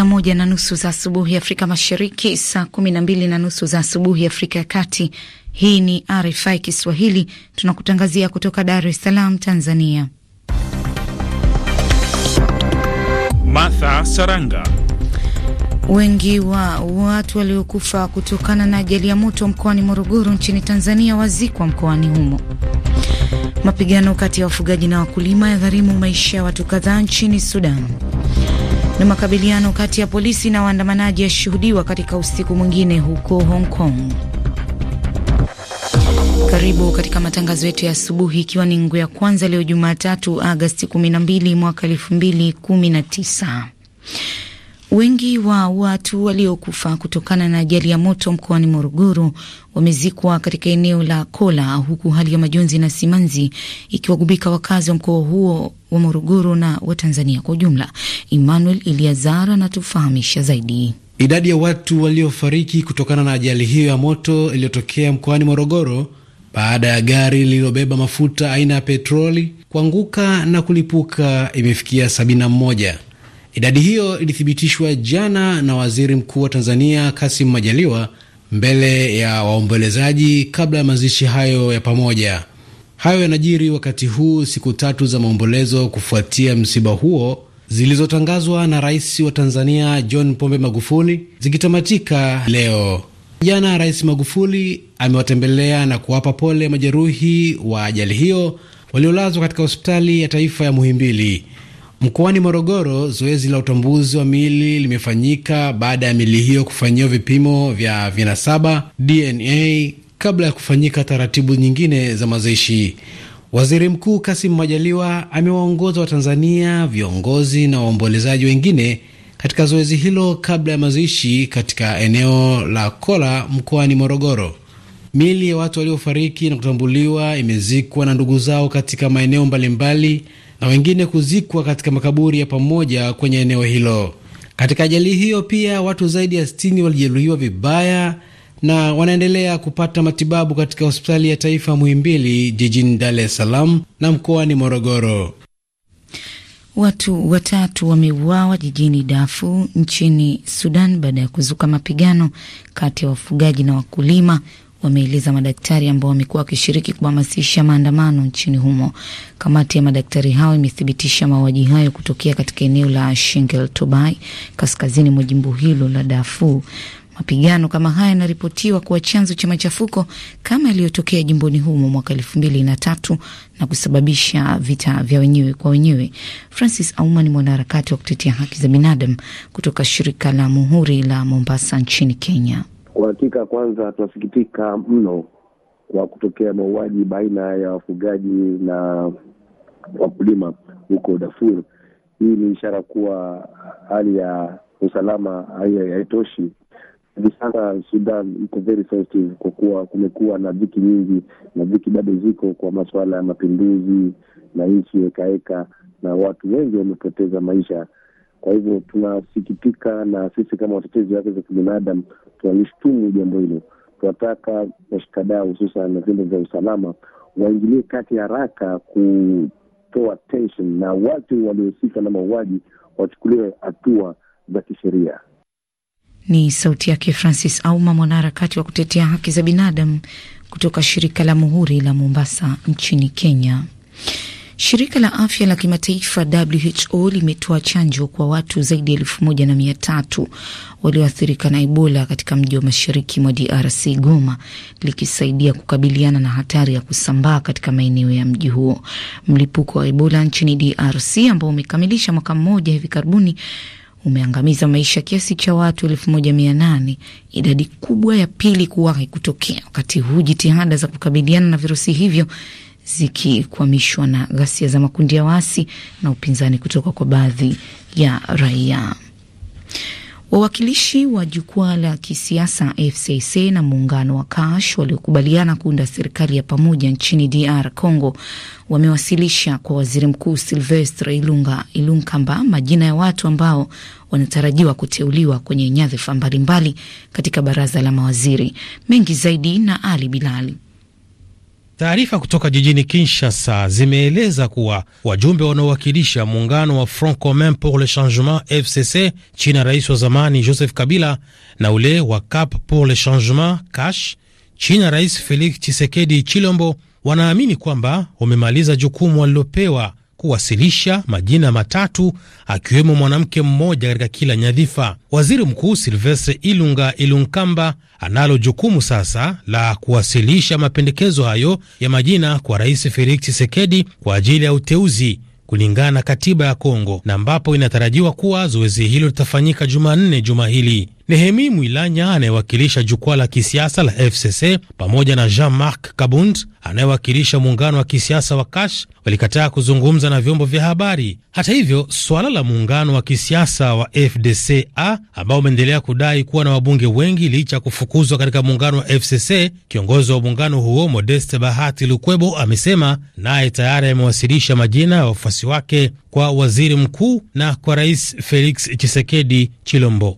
saa moja na nusu za asubuhi Afrika Mashariki, saa kumi na mbili na nusu za asubuhi Afrika ya Kati. Hii ni RFI Kiswahili, tunakutangazia kutoka Dar es Salaam, Tanzania. Martha Saranga. Wengi wa watu waliokufa kutokana na ajali ya moto mkoani Morogoro nchini Tanzania wazikwa mkoani humo. Mapigano kati ya wafugaji na wakulima yagharimu maisha ya watu kadhaa nchini Sudan. Na makabiliano kati ya polisi na waandamanaji yashuhudiwa katika usiku mwingine huko Hong Kong. Karibu katika matangazo yetu ya asubuhi, ikiwa ni ngwe ya kwanza leo Jumatatu Agasti 12 mwaka 2019. Wengi wa watu waliokufa kutokana na ajali ya moto mkoani Morogoro wamezikwa katika eneo la Kola, huku hali ya majonzi na simanzi ikiwagubika wakazi wa mkoa huo wa Morogoro na wa Tanzania kwa ujumla. Emmanuel Eliazar anatufahamisha zaidi. Idadi ya watu waliofariki kutokana na ajali hiyo ya moto iliyotokea mkoani Morogoro baada ya gari lililobeba mafuta aina ya petroli kuanguka na kulipuka imefikia 71. Idadi hiyo ilithibitishwa jana na waziri mkuu wa Tanzania Kasim Majaliwa mbele ya waombolezaji kabla ya mazishi hayo ya pamoja. Hayo yanajiri wakati huu siku tatu za maombolezo kufuatia msiba huo zilizotangazwa na rais wa Tanzania John Pombe Magufuli zikitamatika leo. Jana Rais Magufuli amewatembelea na kuwapa pole majeruhi wa ajali hiyo waliolazwa katika hospitali ya taifa ya Muhimbili. Mkoani Morogoro, zoezi la utambuzi wa mili limefanyika baada ya mili hiyo kufanyiwa vipimo vya vinasaba DNA kabla ya kufanyika taratibu nyingine za mazishi. Waziri Mkuu Kasim Majaliwa amewaongoza Watanzania, viongozi na waombolezaji wengine katika zoezi hilo kabla ya mazishi katika eneo la Kola mkoani Morogoro. Mili ya watu waliofariki na kutambuliwa imezikwa na ndugu zao katika maeneo mbalimbali na wengine kuzikwa katika makaburi ya pamoja kwenye eneo hilo. Katika ajali hiyo pia watu zaidi ya 60 walijeruhiwa vibaya na wanaendelea kupata matibabu katika hospitali ya taifa Muhimbili jijini Dar es Salaam na mkoani Morogoro. Watu watatu wameuawa jijini dafu nchini Sudan baada ya kuzuka mapigano kati ya wafugaji na wakulima wameeleza madaktari ambao wamekuwa wakishiriki kuhamasisha maandamano nchini humo. Kamati ya madaktari hao imethibitisha mauaji hayo kutokea katika eneo la Shingel Tobai, kaskazini mwa jimbo hilo la Dafu. Mapigano kama haya yanaripotiwa kuwa chanzo cha machafuko kama yaliyotokea jimboni humo mwaka elfu mbili na tatu na kusababisha vita vya wenyewe kwa wenyewe. Francis Auma ni mwanaharakati wa kutetea haki za binadamu kutoka shirika la Muhuri la Mombasa nchini Kenya. Kwa hakika, kwanza tunasikitika mno kwa kutokea mauaji baina ya wafugaji na wakulima huko Darfur. Hii ni ishara kuwa hali ya usalama haitoshi. Hivi sasa Sudan iko very sensitive kwa kuwa kumekuwa na viki nyingi na viki bado ziko kwa masuala ya mapinduzi na nchi hekaheka, na watu wengi wamepoteza maisha. Kwa hivyo tunasikitika, na sisi kama watetezi wake za kibinadamu tunalishtumu jambo hilo. Tunataka washikadau hususan vyombo vya usalama waingilie kati haraka kutoa tension na watu waliohusika na mauaji wachukuliwe hatua za kisheria. Ni sauti yake Francis Auma, mwanaharakati wa kutetea haki za binadamu kutoka shirika la Muhuri la Mombasa nchini Kenya. Shirika la afya la kimataifa WHO limetoa chanjo kwa watu zaidi ya elfu moja na mia tatu walioathirika na Ebola katika mji wa mashariki mwa DRC Goma, likisaidia kukabiliana na hatari ya kusambaa katika maeneo ya mji huo. Mlipuko wa Ebola nchini DRC ambao umekamilisha mwaka mmoja hivi karibuni umeangamiza maisha kiasi cha watu elfu moja mia nane idadi kubwa ya pili kuwahi kutokea, wakati huu jitihada za kukabiliana na virusi hivyo zikikwamishwa na ghasia za makundi ya waasi na upinzani kutoka kwa baadhi ya raia. Wawakilishi wa jukwaa la kisiasa FCC na muungano wa Kash waliokubaliana kuunda serikali ya pamoja nchini DR Congo wamewasilisha kwa waziri mkuu Silvestre Ilunga Ilunkamba majina ya watu ambao wanatarajiwa kuteuliwa kwenye nyadhifa mbalimbali katika baraza la mawaziri. Mengi zaidi na Ali Bilali. Taarifa kutoka jijini Kinshasa zimeeleza kuwa wajumbe wanaowakilisha muungano wa Front Commun pour le Changement FCC chini ya rais wa zamani Joseph Kabila na ule wa Cap pour le Changement Cash chini ya rais Felix Tshisekedi Chilombo wanaamini kwamba wamemaliza jukumu walilopewa kuwasilisha majina matatu akiwemo mwanamke mmoja katika kila nyadhifa. Waziri Mkuu Silvestre Ilunga Ilunkamba analo jukumu sasa la kuwasilisha mapendekezo hayo ya majina kwa Rais Felix Tshisekedi kwa ajili ya uteuzi kulingana na katiba ya Kongo, na ambapo inatarajiwa kuwa zoezi hilo litafanyika Jumanne juma hili. Nehemi Mwilanya anayewakilisha jukwaa la kisiasa la FCC pamoja na Jean-Marc Kabund anayewakilisha muungano wa kisiasa wa Kash walikataa kuzungumza na vyombo vya habari. Hata hivyo, suala la muungano wa kisiasa wa FDCA ambao umeendelea kudai kuwa na wabunge wengi licha ya kufukuzwa katika muungano wa FCC, kiongozi wa muungano huo Modeste Bahati Lukwebo amesema naye tayari amewasilisha majina ya wafuasi wake kwa waziri mkuu na kwa Rais Felix chisekedi Chilombo.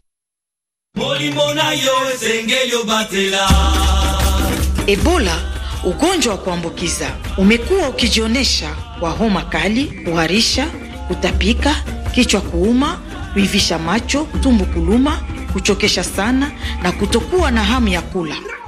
Ebola, ugonjwa wa kuambukiza, umekuwa ukijionyesha kwa homa kali, kuharisha, kutapika, kichwa kuuma, kuivisha macho, tumbo kuluma, kuchokesha sana na kutokuwa na hamu ya kula.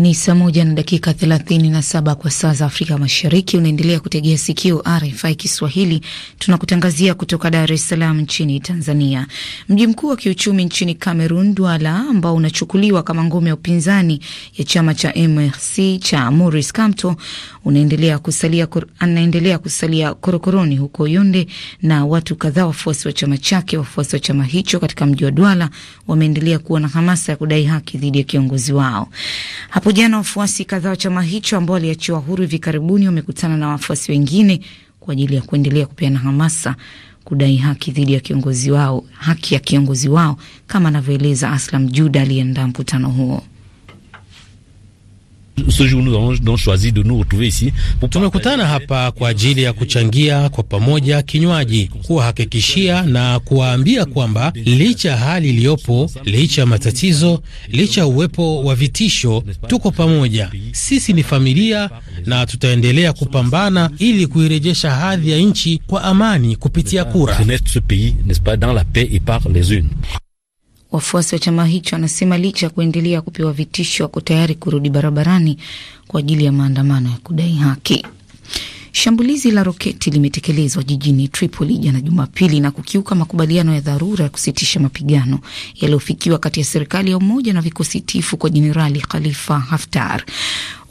Ni saa moja na dakika 37 kwa saa za Afrika Mashariki. Unaendelea kutegea sikio RFI Kiswahili, tunakutangazia kutoka Dar es Salaam nchini Tanzania. Mji mkuu wa kiuchumi nchini Cameroon, duala ambao unachukuliwa kama ngome ya upinzani ya chama cha MRC cha Maurice Kamto, unaendelea kusalia, anaendelea kusalia korokoroni huko Yonde, na watu kadhaa wafuasi wa chama chake, wafuasi wa chama hicho katika mji wa duala wameendelea kuwa na hamasa ya kudai haki dhidi ya kiongozi wao hapo hapo wafuasi kadhaa wa chama hicho ambao waliachiwa huru hivi karibuni wamekutana na wafuasi wengine kwa ajili ya kuendelea kupeana hamasa kudai haki dhidi ya kiongozi wao, haki ya kiongozi wao, kama anavyoeleza Aslam Juda aliyeandaa mkutano huo ce jour nous avons choisi de nous retrouver ici. Tumekutana hapa kwa ajili ya kuchangia kwa pamoja kinywaji, kuwahakikishia na kuwaambia kwamba licha ya hali iliyopo, licha ya matatizo, licha ya uwepo wa vitisho, tuko pamoja. Sisi ni familia na tutaendelea kupambana ili kuirejesha hadhi ya nchi kwa amani kupitia kura. Wafuasi wa chama hicho wanasema licha ya kuendelea kupewa vitisho, wako tayari kurudi barabarani kwa ajili ya maandamano ya kudai haki. Shambulizi la roketi limetekelezwa jijini Tripoli jana Jumapili na kukiuka makubaliano ya dharura ya kusitisha mapigano yaliyofikiwa kati ya serikali ya umoja na vikosi tifu kwa Jenerali Khalifa Haftar.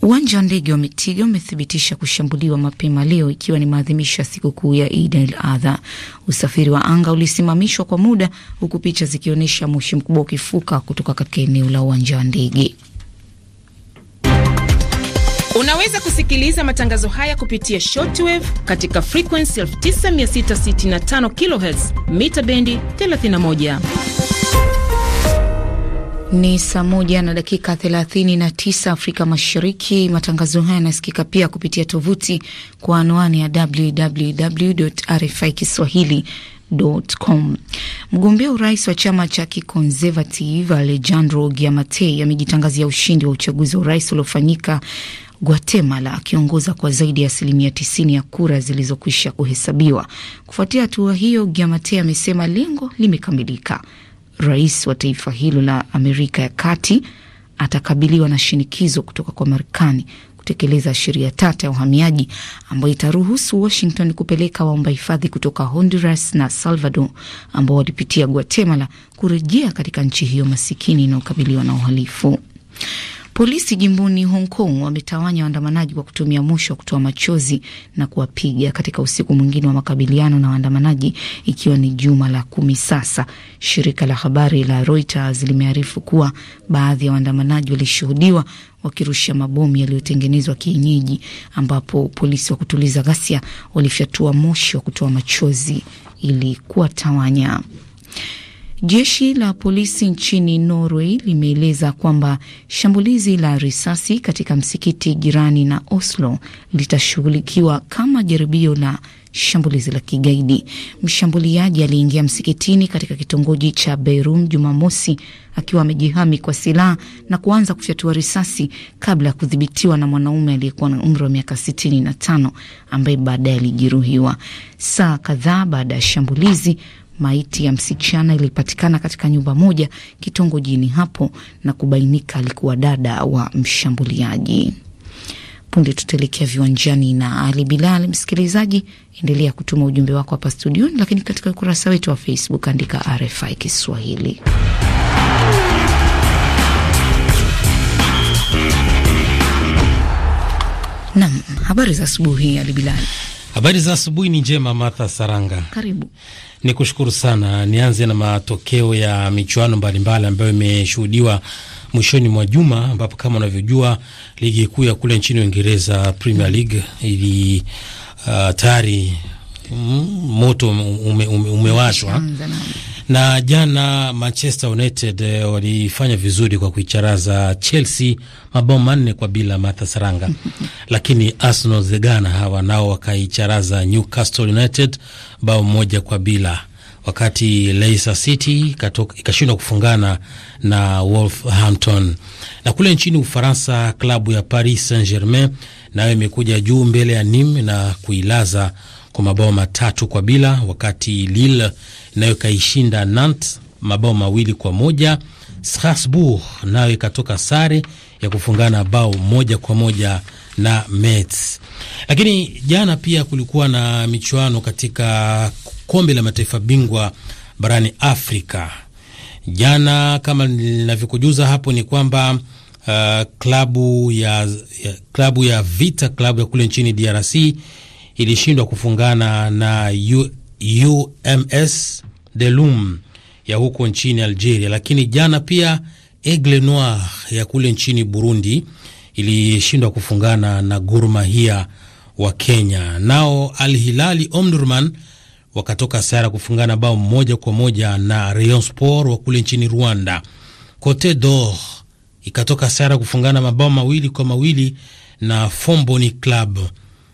Uwanja wa ndege wa Mitiga umethibitisha kushambuliwa mapema leo, ikiwa ni maadhimisho ya sikukuu ya Eid al-Adha. Usafiri wa anga ulisimamishwa kwa muda, huku picha zikionyesha moshi mkubwa ukifuka kutoka katika eneo la uwanja wa ndege. Unaweza kusikiliza matangazo haya kupitia shortwave katika frequency 9665 kHz mita bendi 31. Ni saa moja na dakika 39 Afrika Mashariki. Matangazo haya yanasikika pia kupitia tovuti kwa anwani ya www RFI Kiswahili Mgombea urais wa chama cha kiconservative Alejandro Giamatei amejitangazia ushindi wa uchaguzi wa urais uliofanyika Guatemala akiongoza kwa zaidi ya asilimia tisini ya kura zilizokwisha kuhesabiwa. Kufuatia hatua hiyo, Giamatei amesema lengo limekamilika. Rais wa taifa hilo la Amerika ya Kati atakabiliwa na shinikizo kutoka kwa Marekani kutekeleza sheria tata ya uhamiaji ambayo itaruhusu Washington kupeleka waomba hifadhi kutoka Honduras na Salvador ambao walipitia Guatemala kurejea katika nchi hiyo masikini inayokabiliwa na uhalifu. Polisi jimboni Hong Kong wametawanya waandamanaji kwa kutumia moshi wa kutoa machozi na kuwapiga katika usiku mwingine wa makabiliano na waandamanaji, ikiwa ni juma la kumi sasa. Shirika la habari la Reuters limearifu kuwa baadhi ya waandamanaji walishuhudiwa wakirusha mabomu yaliyotengenezwa kienyeji, ambapo polisi wa kutuliza ghasia walifyatua moshi wa kutoa machozi ili kuwatawanya. Jeshi la polisi nchini Norway limeeleza kwamba shambulizi la risasi katika msikiti jirani na Oslo litashughulikiwa kama jaribio la shambulizi la kigaidi. Mshambuliaji aliingia msikitini katika kitongoji cha Beirum Jumamosi akiwa amejihami kwa silaha na kuanza kufyatua risasi kabla ya kudhibitiwa na mwanaume aliyekuwa na umri wa miaka 65 ambaye baadaye alijeruhiwa. Saa kadhaa baada ya shambulizi maiti ya msichana ilipatikana katika nyumba moja kitongojini hapo na kubainika alikuwa dada wa mshambuliaji punde tutaelekea viwanjani na Ali Bilal. Msikilizaji, endelea kutuma ujumbe wako hapa studioni, lakini katika ukurasa wetu wa Facebook andika RFI Kiswahili. Nam, habari za asubuhi Ali Bilal. Habari za asubuhi ni njema, Martha Saranga. Karibu. Ni kushukuru sana. Nianze na matokeo ya michuano mbalimbali ambayo imeshuhudiwa mwishoni mwa juma, ambapo kama unavyojua ligi kuu ya kule nchini Uingereza Premier League ili uh, tayari mm, moto ume, ume, umewashwa na jana Manchester United eh, walifanya vizuri kwa kuicharaza Chelsea mabao manne kwa bila Martha Saranga, lakini Arsenal zegana hawa nao wakaicharaza Newcastle United bao moja kwa bila wakati Leicester City ikashindwa kufungana na Wolverhampton. Na kule nchini Ufaransa, klabu ya Paris Saint Germain nayo imekuja juu mbele ya Nim na kuilaza kwa mabao matatu kwa bila, wakati Lille nayo ikaishinda Nantes mabao mawili kwa moja. Strasbourg nayo ikatoka sare ya kufungana bao moja kwa moja na Metz. Lakini jana pia kulikuwa na michuano katika kombe la mataifa bingwa barani Afrika jana. Kama ninavyokujuza hapo ni kwamba uh, klabu ya, ya, klabu ya Vita klabu ya kule nchini DRC ilishindwa kufungana na U, UMS Delum ya huko nchini Algeria, lakini jana pia Aigle Noir ya kule nchini Burundi ilishindwa kufungana na Gor Mahia wa Kenya. Nao Al Hilali Omdurman wakatoka sara kufungana bao moja kwa moja na Rayon Sport wa kule nchini Rwanda. Cote d'Or ikatoka sara kufungana mabao mawili kwa mawili na Fomboni Club,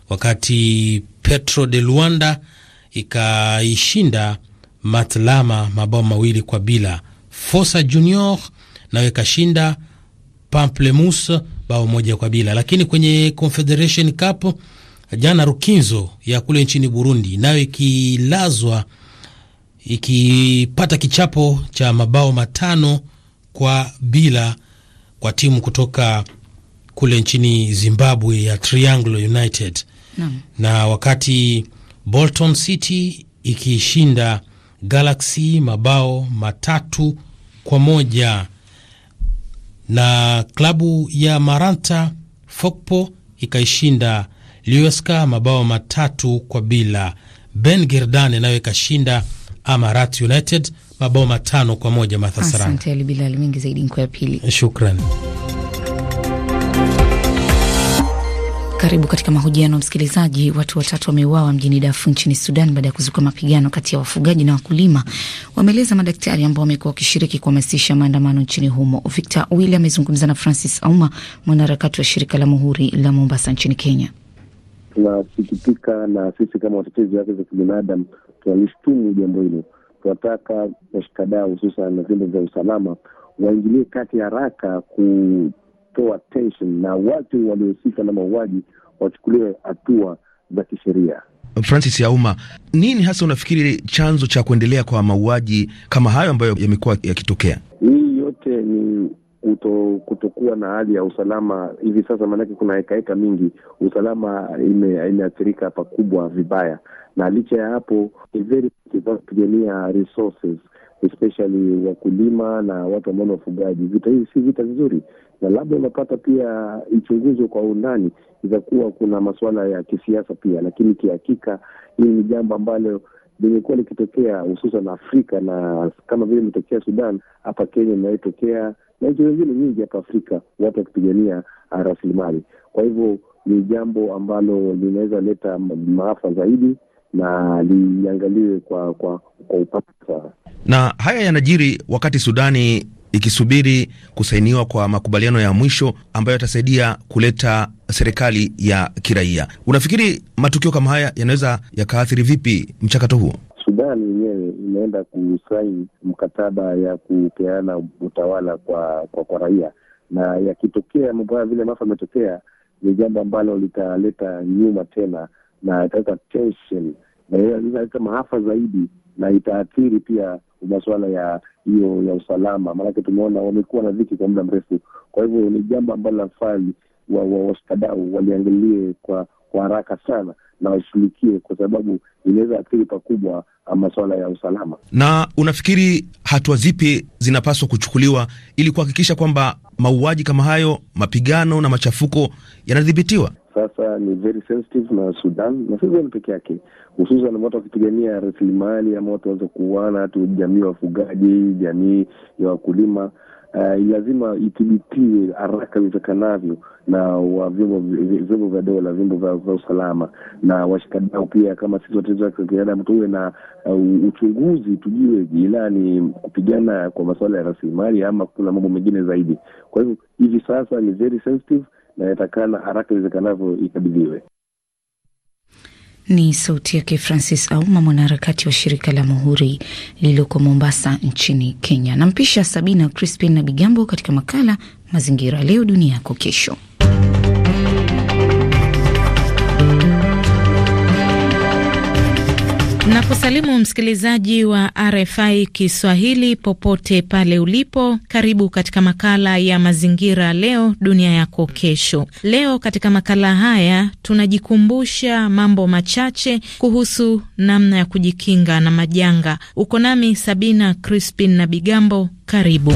wakati Petro de Luanda ikaishinda Matlama mabao mawili kwa bila. Fosa Junior nayo ikashinda Pamplemousse bao moja kwa bila, lakini kwenye Confederation Cup jana Rukinzo ya kule nchini Burundi, nayo ikilazwa ikipata kichapo cha mabao matano kwa bila kwa timu kutoka kule nchini Zimbabwe ya Triangle United na, na wakati Bolton City ikishinda Galaxy mabao matatu kwa moja na klabu ya Maranta Fokpo ikaishinda Lioska mabao matatu kwa bila. Ben Girdan nayo ikashinda Amarat United mabao matano kwa moja. Mathasara, Karibu katika mahojiano msikilizaji. Watu watatu wameuawa mjini Dafu nchini Sudan baada ya kuzuka mapigano kati ya wafugaji na wakulima, wameeleza madaktari ambao wamekuwa wakishiriki kuhamasisha maandamano nchini humo. Victor Willi amezungumza na Francis Auma, mwanaharakati wa shirika la Muhuri la Mombasa nchini Kenya tunasikitika, na sisi kama watetezi wake za kibinadamu tunalishtumu jambo hilo. Tunataka washikadaa hususan na vyombo vya usalama waingilie kati haraka kutoa tension, na watu waliohusika na mauaji wachukuliwe hatua za kisheria. Francis Yauma, nini hasa unafikiri chanzo cha kuendelea kwa mauaji kama hayo ambayo yamekuwa yakitokea? kuto, kutokuwa na hali ya usalama hivi sasa, maanake kuna hekaheka mingi, usalama imeathirika pakubwa vibaya, na licha ya hapo kupigania resources especially wakulima na watu ambao ni wafugaji. Vita hivi si vita vizuri, na labda unapata pia ichunguzwe kwa undani, itakuwa kuna masuala ya kisiasa pia, lakini kihakika hili ni jambo ambalo limekuwa likitokea hususan Afrika na kama vile imetokea Sudan, hapa Kenya inayotokea na nchi zingine nyingi hapa Afrika, watu wakipigania ah, rasilimali. Kwa hivyo ni jambo ambalo linaweza leta maafa zaidi na liangaliwe kwa, kwa, kwa upasa. Na haya yanajiri wakati Sudani ikisubiri kusainiwa kwa makubaliano ya mwisho ambayo yatasaidia kuleta serikali ya kiraia. Unafikiri matukio kama haya yanaweza yakaathiri vipi mchakato huo? Sudan yenyewe imeenda kusaini mkataba ya kupeana utawala kwa kwa, kwa raia, na yakitokea mambo haya vile ambavyo ametokea ni jambo ambalo litaleta nyuma tena na italeta tension na italeta maafa zaidi, na itaathiri pia masuala ya hiyo ya usalama, maanake tumeona wamekuwa na viki kwa muda mrefu. Kwa hivyo ni jambo ambalo lafaa wastadau wa, wa waliangalie kwa kwa haraka sana, na washughulikie, kwa sababu inaweza athiri pakubwa ah, masuala ya usalama. Na unafikiri hatua zipi zinapaswa kuchukuliwa ili kuhakikisha kwamba mauaji kama hayo, mapigano na machafuko yanadhibitiwa? Sasa ni very sensitive na Sudan na Sudan peke yake, hususan watu wakipigania rasilimali ama watu waweze kuuana, hatu jamii ya wafugaji, jamii ya wakulima uh, lazima ithibitiwe haraka iwezekanavyo na wa vyombo vya dola, vyombo vya usalama na washikadau pia, kama sisi watetezi wa kibinadamu, tuwe na uh, uchunguzi, tujue ila ni kupigana kwa masuala ya rasilimali ama kuna mambo mengine zaidi. Kwa hivyo hivi sasa ni very sensitive na inatakana haraka iwezekanavyo ikabidhiwe. Ni sauti yake Francis Auma, mwanaharakati wa shirika la Muhuri lililoko Mombasa nchini Kenya. Nampisha Sabina Crispin na Bigambo katika makala Mazingira Leo Dunia Yako Kesho. Nakusalimu msikilizaji wa RFI Kiswahili popote pale ulipo, karibu katika makala ya mazingira, leo dunia yako kesho. Leo katika makala haya tunajikumbusha mambo machache kuhusu namna ya kujikinga na majanga. Uko nami Sabina Crispin na Bigambo, karibu.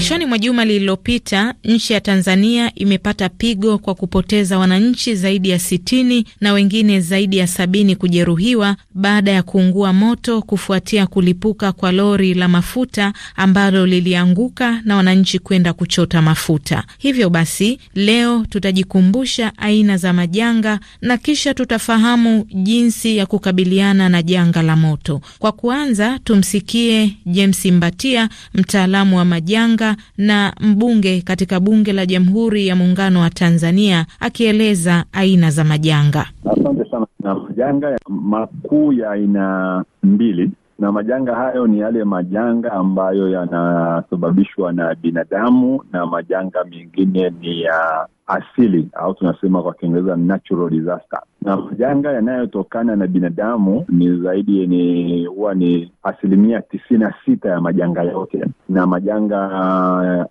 Mwishoni mwa juma lililopita nchi ya Tanzania imepata pigo kwa kupoteza wananchi zaidi ya sitini na wengine zaidi ya sabini kujeruhiwa baada ya kuungua moto kufuatia kulipuka kwa lori la mafuta ambalo lilianguka na wananchi kwenda kuchota mafuta. Hivyo basi, leo tutajikumbusha aina za majanga na kisha tutafahamu jinsi ya kukabiliana na janga la moto. Kwa kuanza, tumsikie James Mbatia, mtaalamu wa majanga na mbunge katika bunge la Jamhuri ya Muungano wa Tanzania akieleza aina za majanga. Asante sana. Na majanga makuu ya aina mbili na majanga hayo ni yale majanga ambayo yanasababishwa na binadamu na majanga mengine ni ya asili au tunasema kwa Kiingereza natural disaster, na majanga yanayotokana na binadamu ni zaidi ni huwa ni asilimia tisini na sita ya majanga yote, na majanga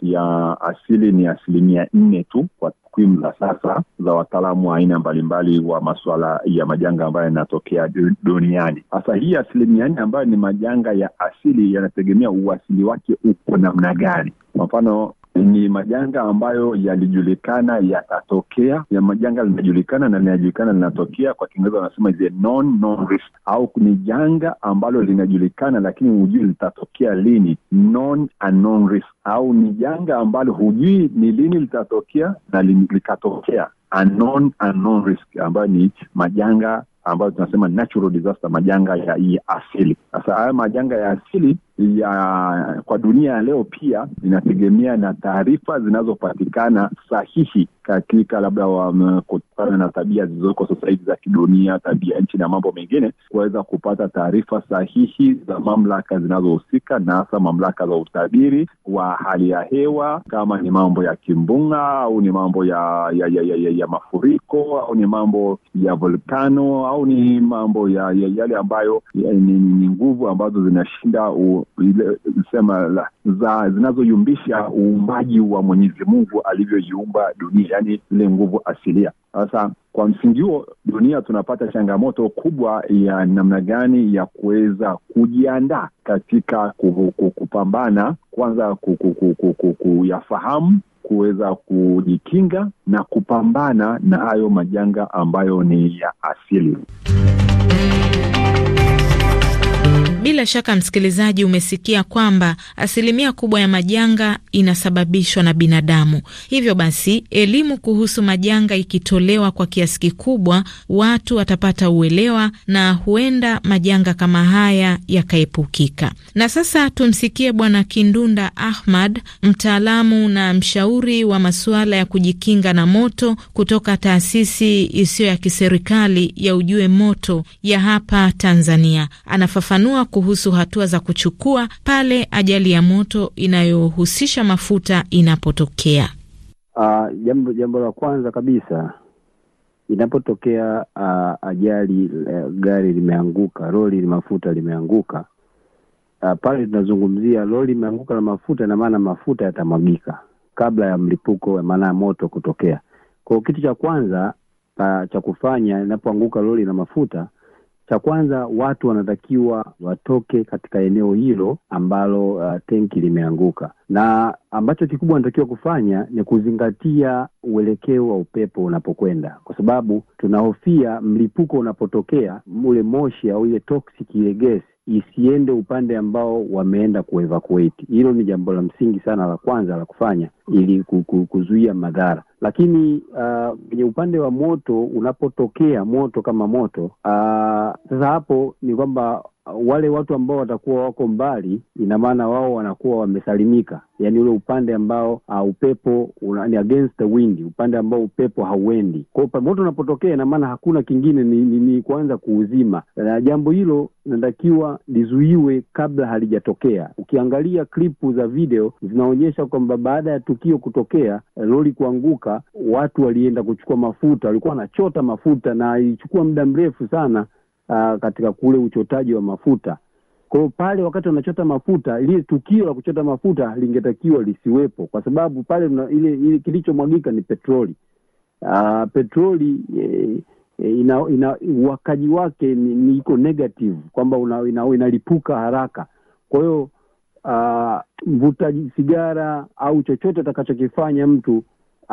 ya asili ni asilimia nne tu kwa takwimu za sasa za wataalamu wa aina mbalimbali wa masuala ya majanga ambayo yanatokea duniani. Sasa hii asilimia nne ambayo ni majanga ya asili yanategemea uasili wake uko namna gani. Kwa mfano ni majanga ambayo yalijulikana yatatokea, ya majanga linajulikana na linajulikana linatokea. Kwa Kiingereza wanasema risk, au ni janga ambalo linajulikana lakini hujui litatokea lini, risk au ni janga ambalo hujui ni lini litatokea na likatokea, unknown, unknown risk ambayo ni majanga ambayo tunasema natural disaster, majanga ya, ya asili. Sasa haya majanga ya asili ya kwa dunia ya leo pia inategemea na taarifa zinazopatikana sahihi katika labda kutokana na tabia zilizoko sasahivi hivi za kidunia, tabia nchi na mambo mengine, kuweza kupata taarifa sahihi za mamlaka zinazohusika na hasa mamlaka za utabiri wa hali ya hewa, kama ni mambo ya kimbunga au ni mambo ya ya, ya, ya, ya mafuriko au ni mambo ya volkano au ni mambo ya, ya yale ambayo ya, ni, ni nguvu ambazo zinashinda u, ile, sema la, za zinazoyumbisha uumbaji wa Mwenyezi Mungu alivyoiumba dunia, yani ile nguvu asilia. Sasa kwa msingi huo, dunia tunapata changamoto kubwa ya namna gani ya kuweza kujiandaa katika kupambana, kwanza kuyafahamu kuweza kujikinga na kupambana na hayo majanga ambayo ni ya asili. Bila shaka msikilizaji, umesikia kwamba asilimia kubwa ya majanga inasababishwa na binadamu. Hivyo basi, elimu kuhusu majanga ikitolewa kwa kiasi kikubwa, watu watapata uelewa na huenda majanga kama haya yakaepukika. Na sasa tumsikie Bwana Kindunda Ahmad, mtaalamu na mshauri wa masuala ya kujikinga na moto kutoka taasisi isiyo ya kiserikali ya Ujue Moto ya hapa Tanzania. Anafafanua kuhusu hatua za kuchukua pale ajali ya moto inayohusisha mafuta inapotokea? Uh, jambo jambo la kwanza kabisa inapotokea uh, ajali uh, gari limeanguka, lori la mafuta limeanguka, uh, pale tunazungumzia lori limeanguka la mafuta, ina maana mafuta yatamwagika kabla ya mlipuko, maana ya moto kutokea. Kwa hiyo kitu cha kwanza uh, cha kufanya inapoanguka lori la mafuta cha kwanza watu wanatakiwa watoke katika eneo hilo ambalo uh, tenki limeanguka, na ambacho kikubwa wanatakiwa kufanya ni kuzingatia uelekeo wa upepo unapokwenda, kwa sababu tunahofia mlipuko unapotokea, ule moshi au ile toxic ile gesi isiende upande ambao wameenda kuevakueti Hilo ni jambo la msingi sana la kwanza la kufanya ili kuzuia madhara lakini uh, kwenye uh, upande wa moto, unapotokea moto kama moto uh, sasa hapo ni kwamba wale watu ambao watakuwa wako mbali, ina maana wao wanakuwa wamesalimika, yaani ule upande ambao uh, upepo una, ni against the wind, upande ambao upepo hauendi. Kwa moto unapotokea, ina maana hakuna kingine ni, ni, ni kuanza kuuzima, na jambo hilo inatakiwa lizuiwe kabla halijatokea. Ukiangalia klipu za video zinaonyesha kwamba baada ya tukio kutokea, lori kuanguka kuvuka, watu walienda kuchukua mafuta, walikuwa wanachota mafuta na ilichukua muda mrefu sana uh, katika kule uchotaji wa mafuta. kwao pale wakati wanachota mafuta, lile tukio la kuchota mafuta lingetakiwa lisiwepo, kwa sababu pale ile, kilichomwagika ni petroli. Uh, petroli eh, ina, ina uwakaji wake ni, ni iko negative kwamba inalipuka ina haraka. Kwa hiyo uh, mvutaji sigara au chochote atakachokifanya mtu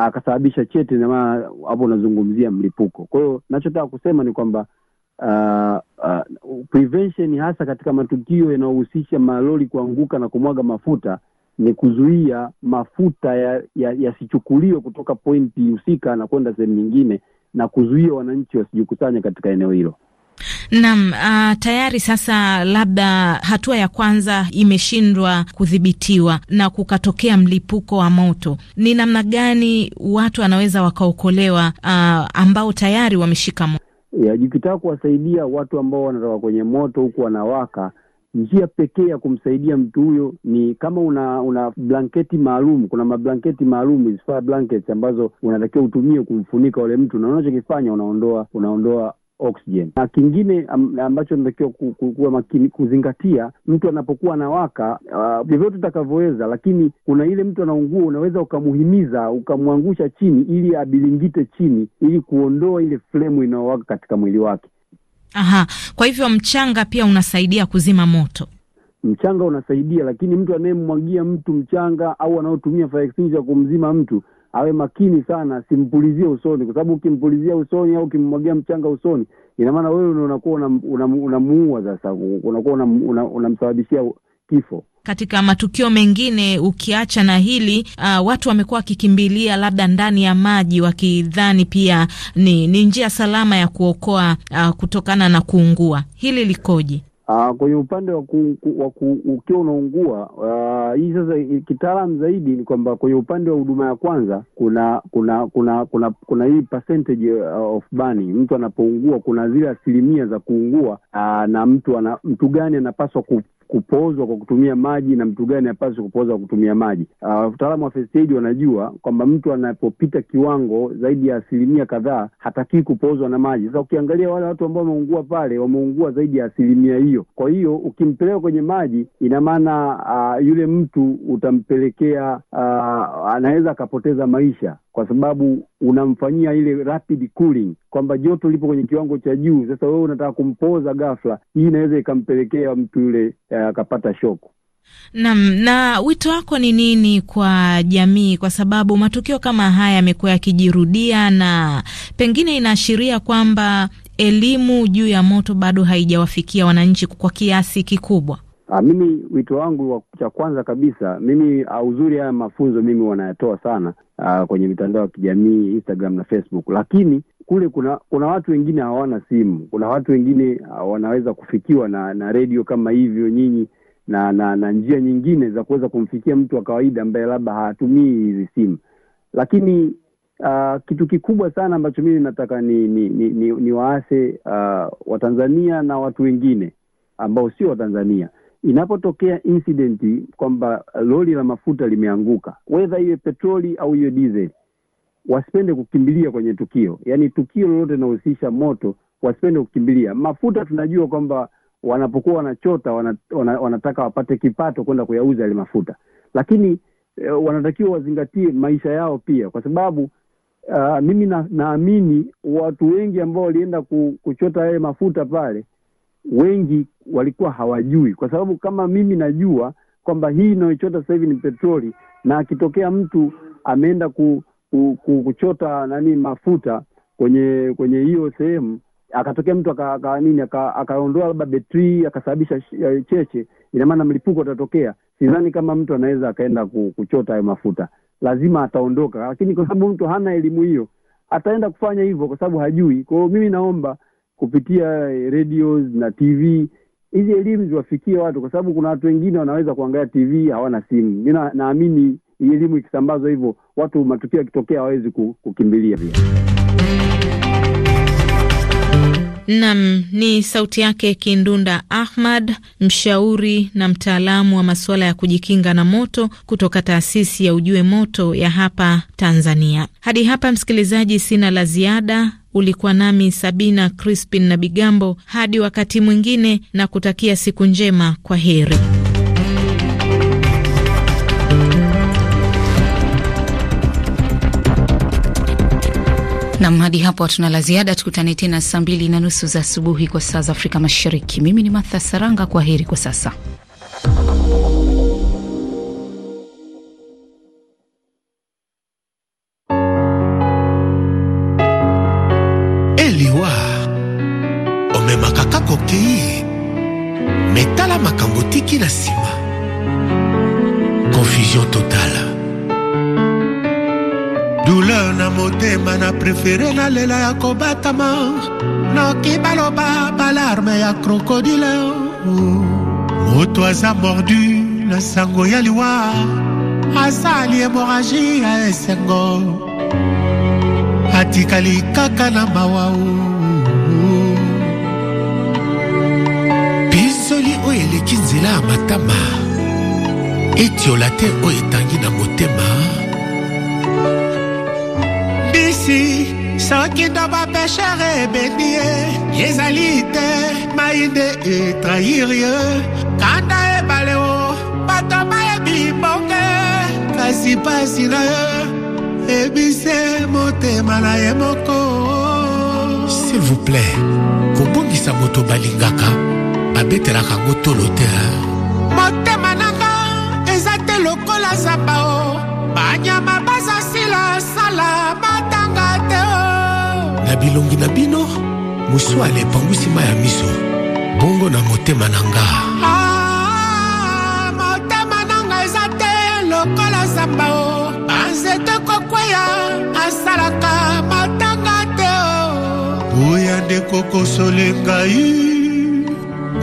akasababisha cheti, na maana hapo unazungumzia mlipuko. Kwa hiyo nachotaka kusema ni kwamba Uh, uh, prevention hasa katika matukio yanayohusisha malori kuanguka na kumwaga mafuta ni kuzuia mafuta yasichukuliwe ya, ya kutoka pointi husika na kwenda sehemu nyingine na kuzuia wananchi wasijikusanya katika eneo hilo. Naam, uh, tayari sasa labda hatua ya kwanza imeshindwa kudhibitiwa na kukatokea mlipuko wa moto, ni namna gani watu wanaweza wakaokolewa, uh, ambao tayari wameshika moto? Yeah, jikitaka kuwasaidia watu ambao wanatoka kwenye moto huku wanawaka njia pekee ya kumsaidia mtu huyo ni kama una una blanketi maalum. Kuna mablanketi maalum fire blankets ambazo unatakiwa utumie kumfunika ule mtu, na unachokifanya unaondoa unaondoa oxygen. Na kingine ambacho natakiwa kuwa makini kuzingatia, mtu anapokuwa anawaka uh, vyovyote uh, utakavyoweza, lakini kuna ile mtu anaungua, unaweza ukamuhimiza ukamwangusha chini ili abilingite chini ili kuondoa ile flemu inayowaka katika mwili wake. Aha, kwa hivyo mchanga pia unasaidia kuzima moto mchanga unasaidia, lakini mtu anayemwagia mtu mchanga au anaotumia fire extinguisher kumzima mtu awe makini sana, simpulizie usoni, kwa sababu ukimpulizia usoni au ukimmwagia mchanga usoni, ina maana wewe unakuwa unamuua, sasa unakuwa unamsababishia kifo. Katika matukio mengine ukiacha na hili uh, watu wamekuwa wakikimbilia labda ndani ya maji wakidhani pia ni, ni njia salama ya kuokoa uh, kutokana na kuungua. Hili likoje? Aa, ah, kwenye upande wa ukiwa unaungua ah, hii sasa kitaalam zaidi ni kwamba kwenye upande wa huduma ya kwanza kuna kuna kuna kuna kuna hii percentage ah, of burning. Mtu anapoungua kuna zile asilimia za kuungua na mtu ana, mtu gani anapaswa kupozwa kwa kutumia maji na mtu gani hapaswi kupozwa kwa kutumia maji. Ah, wataalamu uh, wa first aid wanajua kwamba mtu anapopita kiwango zaidi ya asilimia kadhaa hatakii kupozwa na maji. Sasa ukiangalia wale watu ambao wameungua pale, wameungua zaidi ya asilimia hiyo. Kwa hiyo ukimpeleka kwenye maji, ina maana uh, yule mtu utampelekea uh, anaweza akapoteza maisha kwa sababu unamfanyia ile rapid cooling kwamba joto lipo kwenye kiwango cha juu. Sasa wewe unataka kumpoza ghafla, hii inaweza ikampelekea mtu yule eh, akapata shoko. Naam, na wito wako ni nini kwa jamii? Kwa sababu matukio kama haya yamekuwa yakijirudia na pengine inaashiria kwamba elimu juu ya moto bado haijawafikia wananchi kwa kiasi kikubwa. Ha, ah, mimi wito wangu wa cha kwanza kabisa mimi ah, uzuri haya mafunzo mimi wanayatoa sana, uh, kwenye mitandao ya kijamii Instagram na Facebook, lakini kule kuna kuna watu wengine hawana simu, kuna watu wengine uh, wanaweza kufikiwa na na redio kama hivyo nyinyi na na na njia nyingine za kuweza kumfikia mtu wa kawaida ambaye labda hatumii hizi simu, lakini uh, kitu kikubwa sana ambacho mimi nataka ni ni, ni, ni, ni waase uh, Watanzania na watu wengine ambao sio Watanzania inapotokea incidenti kwamba lori la mafuta limeanguka, wedha iwe petroli au iwe dizeli, wasipende kukimbilia kwenye tukio. Yaani tukio lolote linahusisha moto, wasipende kukimbilia. Mafuta tunajua kwamba wanapokuwa wanachota wanataka wapate kipato kwenda kuyauza yale mafuta, lakini eh, wanatakiwa wazingatie maisha yao pia, kwa sababu uh, mimi na, naamini watu wengi ambao walienda kuchota yale mafuta pale wengi walikuwa hawajui, kwa sababu kama mimi najua kwamba hii inayochota sasa hivi ni petroli, na akitokea mtu ameenda ku, ku, ku, kuchota nani mafuta kwenye kwenye hiyo sehemu, akatokea mtu aka, aka, nini akaondoa aka labda betri akasababisha eh, cheche, ina maana mlipuko utatokea. Sidhani kama mtu anaweza akaenda kuchota hayo mafuta, lazima ataondoka, lakini kwa sababu mtu hana elimu hiyo ataenda kufanya hivyo kwa sababu hajui. Kwa hiyo mimi naomba kupitia eh, radios na TV, hizi elimu ziwafikie watu, kwa sababu kuna watu wengine wanaweza kuangalia TV hawana simu. Mi naamini hii elimu ikisambazwa hivyo, watu matukio yakitokea hawawezi kukimbilia Nam ni sauti yake Kindunda Ahmad, mshauri na mtaalamu wa masuala ya kujikinga na moto kutoka taasisi ya Ujue Moto ya hapa Tanzania. Hadi hapa msikilizaji, sina la ziada. Ulikuwa nami Sabina Crispin na Bigambo. Hadi wakati mwingine, na kutakia siku njema. Kwa heri. Nam, hadi hapo hatuna la ziada. Tukutane tena saa mbili na nusu za asubuhi kwa saa za Afrika Mashariki. Mimi ni Martha Saranga, kwa heri kwa sasa. Serena lela ya kobatama noki baloba balarme ya krokodile moto aza mordu na sangoya ya liwa asali hémorragie ya esengo atikali kaka na o pisoli oyo eleki nzela matama etiola te oyo ici soki ndoba peshere ebeni ye ezali te mai nde etrahir ye kanda ebale o bato bi bonge kasi pasi na ye ebise motema na ye moko s'il vous plaît kobongisa moto balingaka babetelaka yango tolo te motema nanga eza lokola zamba o banyama elongi na bino moswale epangwisi mai ya miso bongo na motema na nga ah, motema na nga eza te lokola zamba o banzete kokweya asalaka matanga te o oya nde kokosole ngai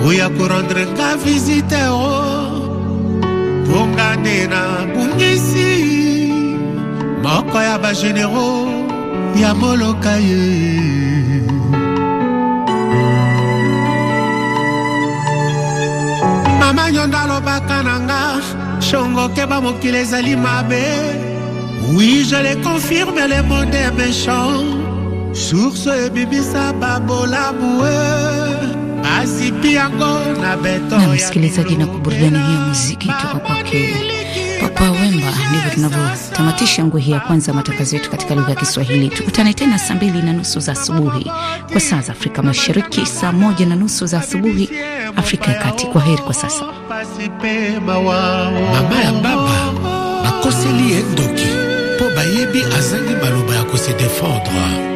oya korendre nga visite o mponga nde na bungisi moko ya bageneraux ya boloka ye mama nyondo alobaka na nga shongokeba mokili ezali mabe oui je le confirme le monde est méchant source ebibisa babolabue asipi yango na beto na msikilizaji na kuburudani hiyo muziki kutoka kwake kwa wemba. Ndivyo tunavyotamatisha nguo hii ya kwanza ya matangazo yetu katika lugha ya Kiswahili. Tukutane tena saa mbili na nusu za asubuhi kwa saa za Afrika Mashariki, saa moja na nusu za asubuhi Afrika ya Kati. Kwa heri kwa sasa. Mama ya baba bakoseli endoki ndoki mpo bayebi azangi maloba ya kose